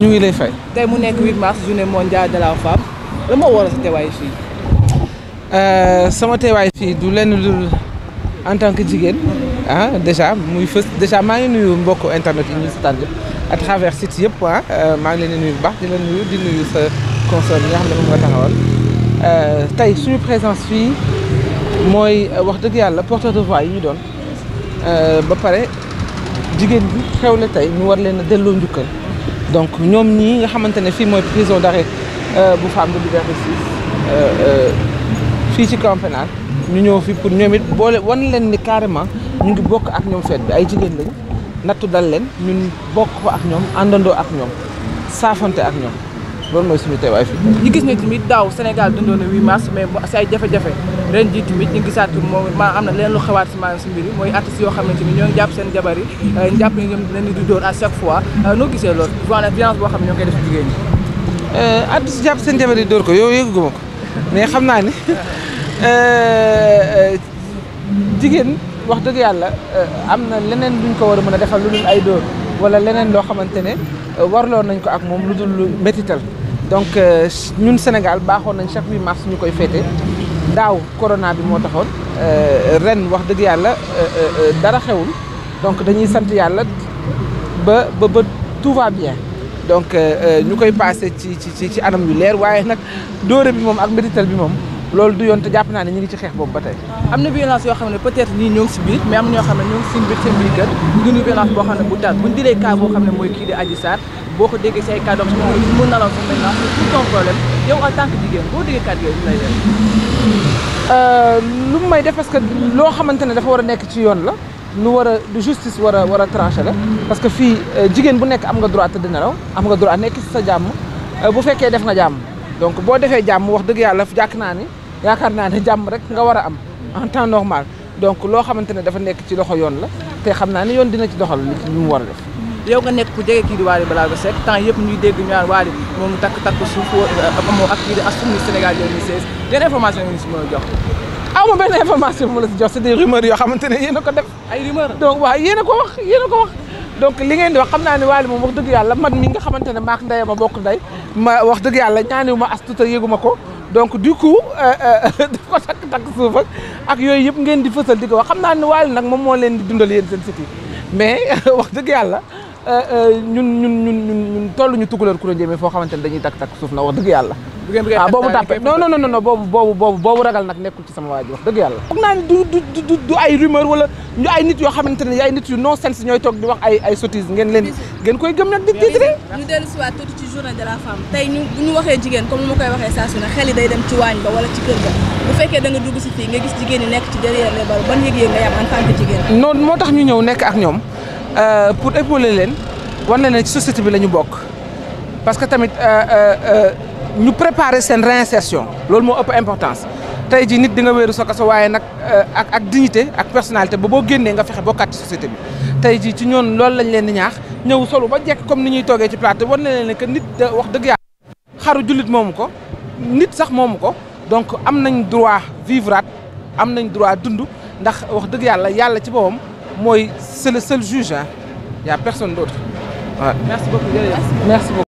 ñu ngi lay fay. tey mu nekk 8 mars journée mondiale de la femme la moo waral sa teewaay fii. Euh, sama teewaay fii du lenn dul en tant que jigéen ah déjà muy fës déjà maa ngi nuyu mbokku internet yi ñuy seetaan à travers site yëpp ah euh, maa ngi leen di nuyu bu baax di la nuyu di nuyu sa consœur bi nga xam ne moom nga taxawal euh, tey suñu présence fii mooy wax dëgg yàlla porteur de voix yi ñu doon ba pare jigéen bi xew xewle tey ñu war leen delloo njukkal. donc ñoom ñii nga xamante ne fii mooy prison d'arrêt euh, bu femme de Liberté 6 fii ci camp pénal ñu ñëw fi pour ñoom it boole wan leen ni carrément ñu ngi bokk ak ñoom feet bi ay jigéen lañu nattu dal leen ñun bokk ko ak ñoom àndandoo ak ñoom saafante ak ñoom loolu mooy suñu teewaay fi ñu gis ne tamit daaw Sénégal dundoon na 8 mars mais ay jafe-jafe ren jii ñu gisaat moom maa am na leen lu xewaat si maanaam si mbir mooy artistes yoo xamante ni ñoo ngi jàpp seen jabar yi euh, jàpp ni ñoom leen di dóor à chaque fois euh, noo gisee loolu voilà violence boo xam ne ñoo koy def jigéen ñi euh, artistes jàpp seen jabar dóor ko yow yëguma ko mais xam naa ni jigéen wax dëgg yàlla am na leneen duñ ko war a mën a defal lu dul ay dóor wala leneen loo xamante ne euh, warloo nañ ko ak moom lu dul métital donc euh, ñun Sénégal baaxoon nañ chaque 8 mars ñu koy féete daaw corona bi moo taxoon euh, ren wax dëgg yàlla dara xewul donc dañuy sant yàlla ba ba bët tout va bien donc ñu koy passé ci ci ci anam yu leer waaye nag dóore bi moom ak métital bi moom loolu du yoon te jàpp naa ne ñu ngi ci xeex boobu ba tey. am na violence yoo xam ne peut-être ñii ñoo ngi si biir mais am na ñoo xam ne ñoo ngi seen biir seen biir kër ne bu taal bu ñu boo xam ne mooy kii di Adji Sarr boo ko déggee si ay cas donc mu nalaw sa maintenant c'est ton euh, lu mu may def parce que loo xamante ne dafa war a nekk ci yoon la lu war a du justice war a war a la parce que fii euh, jigéen bu nekk am nga droit tëdd nelaw am nga droit nekk si sa jàmm euh, bu fekkee def nga jàmm donc boo defee jàmm wax dëgg yàlla jàkk naa ni yaakaar naa ne jàmm rek nga war a am en temps normal donc loo xamante ne dafa nekk ci loxo yoon la te xam naa ne yoon dina ci doxal li mu war a def. nekk ku jege kii di Wally Ballago Seck yëpp ñuy dégg ñu naan Wally moom takk takk suuf amoo ak aw ma benn information bu la si yoo xamante ne yéen a ko def. ay rumeurs donc waaw yéen a a ko wax. donc li ngeen di wax xam naa ne Wally moom wax dëgg yàlla man mi nga xamante ne maak a bokk ndey ma wax dëgg yàlla ñaaniwu ma as tuuti ma ko. donc du coup euh, euh, daf ko takk takk suuf ak yooyu yëpp ngeen di fësal di ko wax xam naa ni waaye nag moom moo leen di dundal yéen seen site mais wax dëgg yàlla ñun ñun ñun ñun ñun toll ñu tukulóor Koura Ndiémé foo xamante ne dañuy takk-takk suuf na wax dëgg yàlla ah boobu tàppe non non non non boobu boobu boobu boobu ragal nag nekkul ci sama waa wax dëgg yàlla foog du ay rumeur wala ñu ay nit yoo xamante ne ay nit yu non sens ñooy toog di wax ay ay sottise ngeen leen ngeen koy gëm nag di titre ñu dellu si waat ci journée de la femme tey ñu bu jigéen comme ma koy waxee saa su ne xel yi day dem ci waañ ba wala ci kër ga bu fekkee da nga dugg si fii nga gis ci derrière les barreaux ban yëg moo tax ñu ñëw nekk ak ñoom Euh, pour épauler leen wan leen ne ci société bi la ñu bokk parce que tamit euh, euh, ñu préparer seen réinsertion loolu moo ëpp importance tey jii nit di nga wéeru sa kaso waaye nag ak ak dignité ak personnalité ba boo génnee nga fexe bokkaat ci société bi tey jii ci ñoon loolu lañ leen di ñaax ñëw solo ba jekk comme ni ñuy toogee ci plateau wan na leen ne que nit wax dëgg yàlla xaru jullit moomu ko nit sax moomu ko donc am nañ droit vivre am nañ droit dund ndax wax dëgg yàlla yàlla ci boppam mooy c'est le seul juge ah y a personne d'autre waaw merci beaucoup jërëjëf merci beaucoup